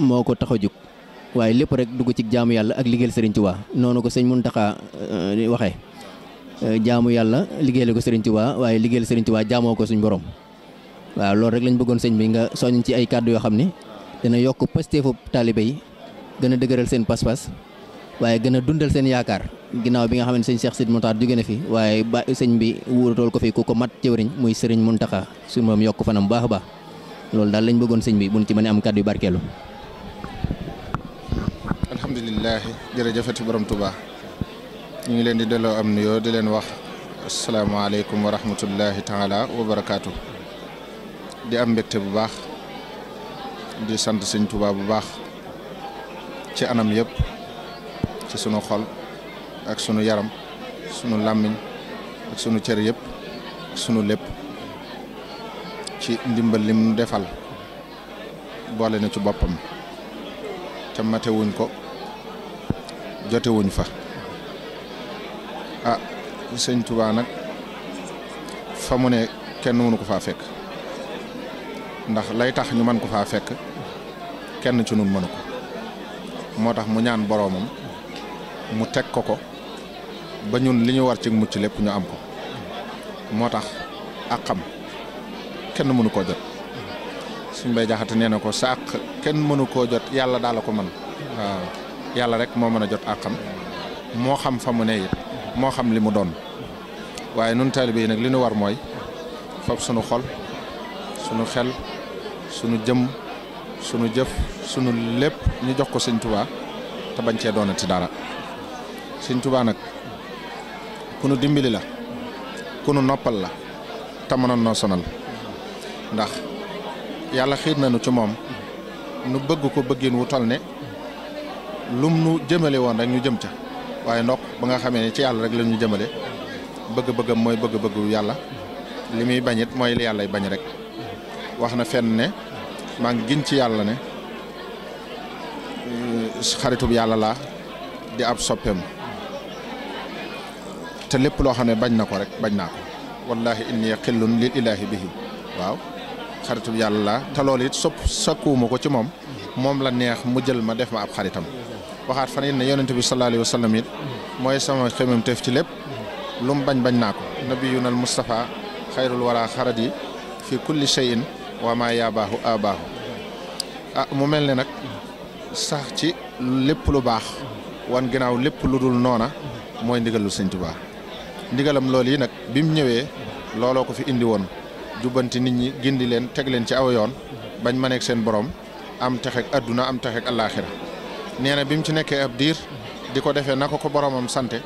moo ko tax a jóg waaye lépp rek dugg ci jaamu yàlla ak liggéeyal Serigne waa noonu ko sëñ Mountakha euh, waxee euh, jaamu yàlla liggéeyal ko Serigne waa waaye liggéeyal Serigne waa jaamoo ko suñ borom waa loolu rek lañ bëggoon sëñ bi nga soññ ci ay kàddu yoo xam ne dana yokk pasteefu taalibe yi gën a dëgëral seen pas waaye gën a dundal seen yaakaar ginnaaw bi nga xam ne sëñ seex Sidi Mountakha jóge na fi waaye ba sëñ bi wuutool ko fi ku ko mat jëwriñ muy Serigne Mountakha suñ moom yokk fanam baax a baax loolu daal lañ bëggoon sëñ bi buñ ci mën a yu barkeelu alhamdulilah jërëjëfati borom Touba ñu ngi leen di delloo am nuyoo di leen wax asalaamaaleykum wa rahmatullahi taala wa barakaatu di am mbégte bu baax di sant sëñ Touba bu baax ci anam yëpp ci sunu xol ak sunu yaram sunu làmmiñ ak sunu cër yëpp ak sunu lépp ci ndimbal lim defal boole na ci boppam te matewuñ ko jotewuñ fa a ah, sëñ Touba nag fa mu ne kenn mënu ko faa fekk ndax lay tax ñu mën ko faa fekk kenn ci nun mënu ko moo tax mu ñaan boroomam mu teg ko ko ba ñun li ñu war ci mucc lépp ñu am ko moo tax ak xam kenn mënu koo jot suñ bay jaxate nee na ko sa ak kenn mënu koo jot yàlla daala ko man waaw yàlla rek moo mën a jot àqam moo xam fa mu ne it moo xam li mu doon waaye nun taalibe yi nag li nu war mooy foog sunu xol sunu xel sunu jëm sunu jëf sunu lépp ñu jox ko sëñ Tuubaa te bañ cee doonati dara sëñ Tuubaa nag ku nu dimbali la ku nu noppal la te mënoon noo sonal ndax yàlla xiir nañu ci moom nu bëgg ko bëggin wu toll ne lumnu jëmele won rek ñu jëm ca waye ndok ba nga xamé ne ci yalla, rek lañu jëmele bëgg bëgg moy bëgg bëgg-bëggu yàlla li muy bañit li yalla bañ rek waxna fenn ne ma ngi giñ ci yalla ne euh, xaritub yalla la di ab soppem te lepp lo bañ nako rek bañ nako wallahi inni lil ilahi bihi wow, xaritub yalla la te lolit sop sopp sakkuuma ci mom mom la neex mu jël ma def ma ab xaritam waxaat fan it ne yonent bi sallallahu alayhi wa sallam it mooy sama xemam teef ci lépp lu mu bañ bañ naa ko nabiyuna al mustafa xayrul wara xarat yi fi kulli shay'in waa maa yaa baaxu a baaxu ah mu mel ne nag sax ci lépp lu baax wan ginnaaw lépp lu dul noona mooy ndigalul Sëñ Tuubaa ndigalam loolu yi nag bi mu ñëwee looloo ko fi indi woon jubbanti nit ñi gindi leen teg leen ci aw yoon bañ ma nekk seen borom am texek adduna am texek àllaaxira nee na bi mu ci nekkee ab diir di ko defee na ko ko boromam sante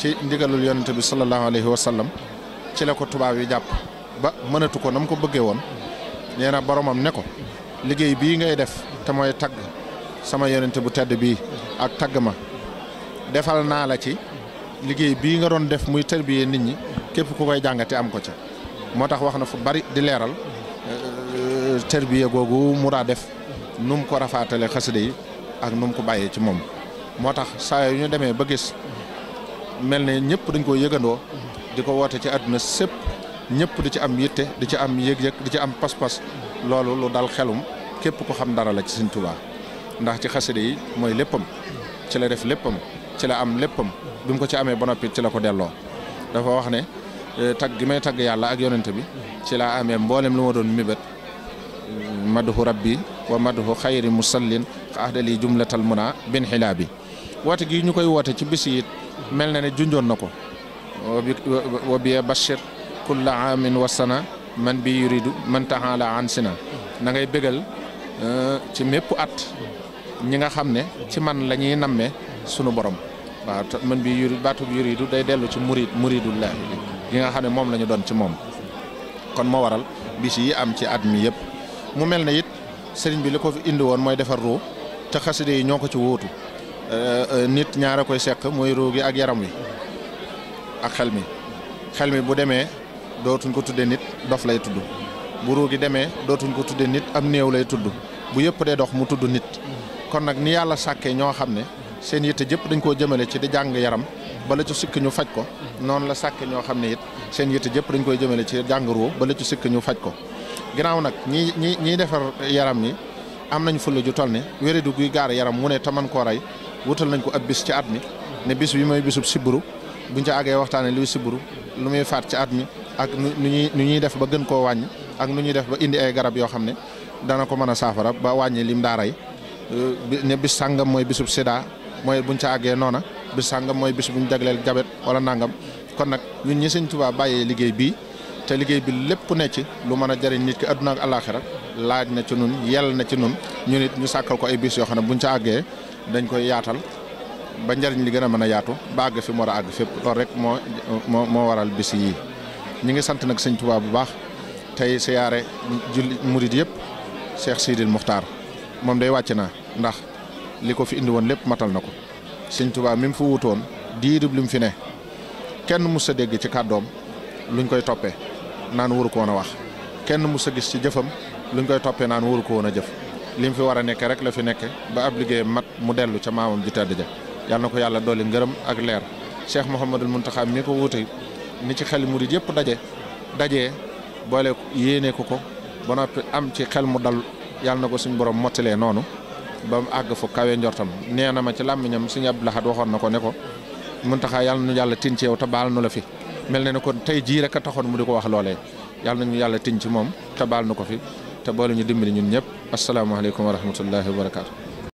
ci ndigalul yonent bi sallallahu alayhi wa sallam ci la ko tubaab yi jàpp ba mënatu ko na ko bëggee woon nee na boromam ne ko liggéey bii ngay def te mooy tagg sama yonent bu tedd bii ak tagg ma defal naa la ci liggéey bii nga doon def muy tarbiyee nit ñi képp ku koy jàngate am ko ca moo tax wax na fu bari di leeral euh, tarbiyee googu mu daa def nu mu ko rafaatale xasida yi ak nu mu ko bàyyee ci moom moo tax saa yu ñu demee ba gis mel ne ñëpp dañ koo yëgandoo di ko woote ci àdduna sépp ñëpp di ci am yitte di ci am yëg-yëg di ci am pas-pas loolu lu dal xelum képp ko xam dara la ci Sëñ ndax ci xasida yi mooy léppam ci la def léppam ci la am léppam bi mu ko ci amee ba noppi ci la ko delloo dafa wax ne eh, tagg gi may tagg yàlla ak yonent bi ci laa amee mboolem lu ma doon mébét madhu rabbi wa madhu xayri musallin xaq ahdali jumlatal muna bin xilaa bi woote gi ñu koy woote ci bis mel na ne junjoon na ko wa biya bashir kulla aamin wa sana man bi yuridu man taxaala an sina na ngay bégal euh, ci mépp at ñi nga xam ne ci man lañuy ñuy namme sunu borom waaw man bi yuri baatub yuridu day dellu ci murid muridullahi yi nga xam ne moom lañu doon ci moom kon moo waral bis am ci at mi yëpp mu mel ne it sëriñ bi li ko indi woon mooy defar ruu te xaside yi ñoo ko ci wóotu euh, euh, nit ñaara koy seq muy ruugi ak yaram wi ak xel mi xel mi bu demee dootuñ ko tuddee nit dof lay tudd bu ruugi demee dootuñ ko tuddee nit am néew lay tudd bu yëpp dee dox mu tudd nit kon nag ni yàlla sàkkee ñoo xam ne seen yitte jëpp dañ koo jëmale ci di jàng yaram bala ci sikk ñu faj ko noonu la sàkkee ñoo xam ne it seen yitte jëpp dañ koy jëmale ci jàng ruu bala ci sikk ñu faj ko ginnaaw nag ñi ñi ñiy defar yaram yi am nañu fulla ju toll ne wéré du guy gaar yaram mu ne te koo rey wutal nañ ko ab bis ci at mi ne bis bi mooy bisub sibbiru buñ ca àggee waxtaane luy sibbiru lu muy faat ci at mi ak nu ñuy nu ñuy def ba gën koo wàññi ak nu ñuy def ba indi ay garab yoo xam ne dana ko mën a saafara ba wàññi lim daa rey ne bis sàngam mooy bisub sida mooy buñ ca àggee noona bis sàngam mooy bis buñ jagleel jabet wala nangam kon nag ñun ñi sëñ Tuubaa bàyyee liggéey bi te liggéey bi lépp ne ci lu mën a jëriñ nit ki àdduna ak alaaxira laaj na ci nun yell na ci nun ñu nit ñu sàkkal ko ay bis yoo xam ne buñ ca àggee dañ koy yaatal ba njëriñ li gën a mën a yaatu ba àgg fi mu a àgg fépp loolu rek moo moo moo waral bis yii ñi ngi sant nag sëñ Tuubaa bu baax tey siyaare julli murid yëpp Cheikh Sidil Muxtaar moom day wàcc naa ndax li ko fi indi woon lépp matal na ko sëñ Tuubaa mi mu wutoon diirib li mu fi ne kenn mus a dégg ci kàddoom luñ koy toppee naan waru ko woon a wax kenn mu sa gis ci jëfam luñ koy toppee naan waru ko woon a jëf li mu fi war a nekkee rek la fi nekke ba ab liggéeyam mat mu dellu ca maamam ji tedd ja yàlla na ko yàlla dolli ngërëm ak leer Cheikh Mouhamadul Mountakha mi ko wuute ni ci xel murid yëpp daje dajee boole yéenee ko ko ba noppi am ci xel mu dal yàlla na ko suñ borom mottilee noonu ba mu àgg fu kawe njortam nee na ma ci làmmiñam suñu Abdou Lahad waxoon na ko ne ko Mountakha yàlla nu yàlla tin ci yow te baal la fi mel na ne kon tey jii rek a taxoon mu di ko wax loolee yàlla ñu yàlla tiñ ci moom te baal na ko fi te boole ñu dimbali ñun ñëpp asalaamaaleykum wa rahmatullahi wa barakaatu.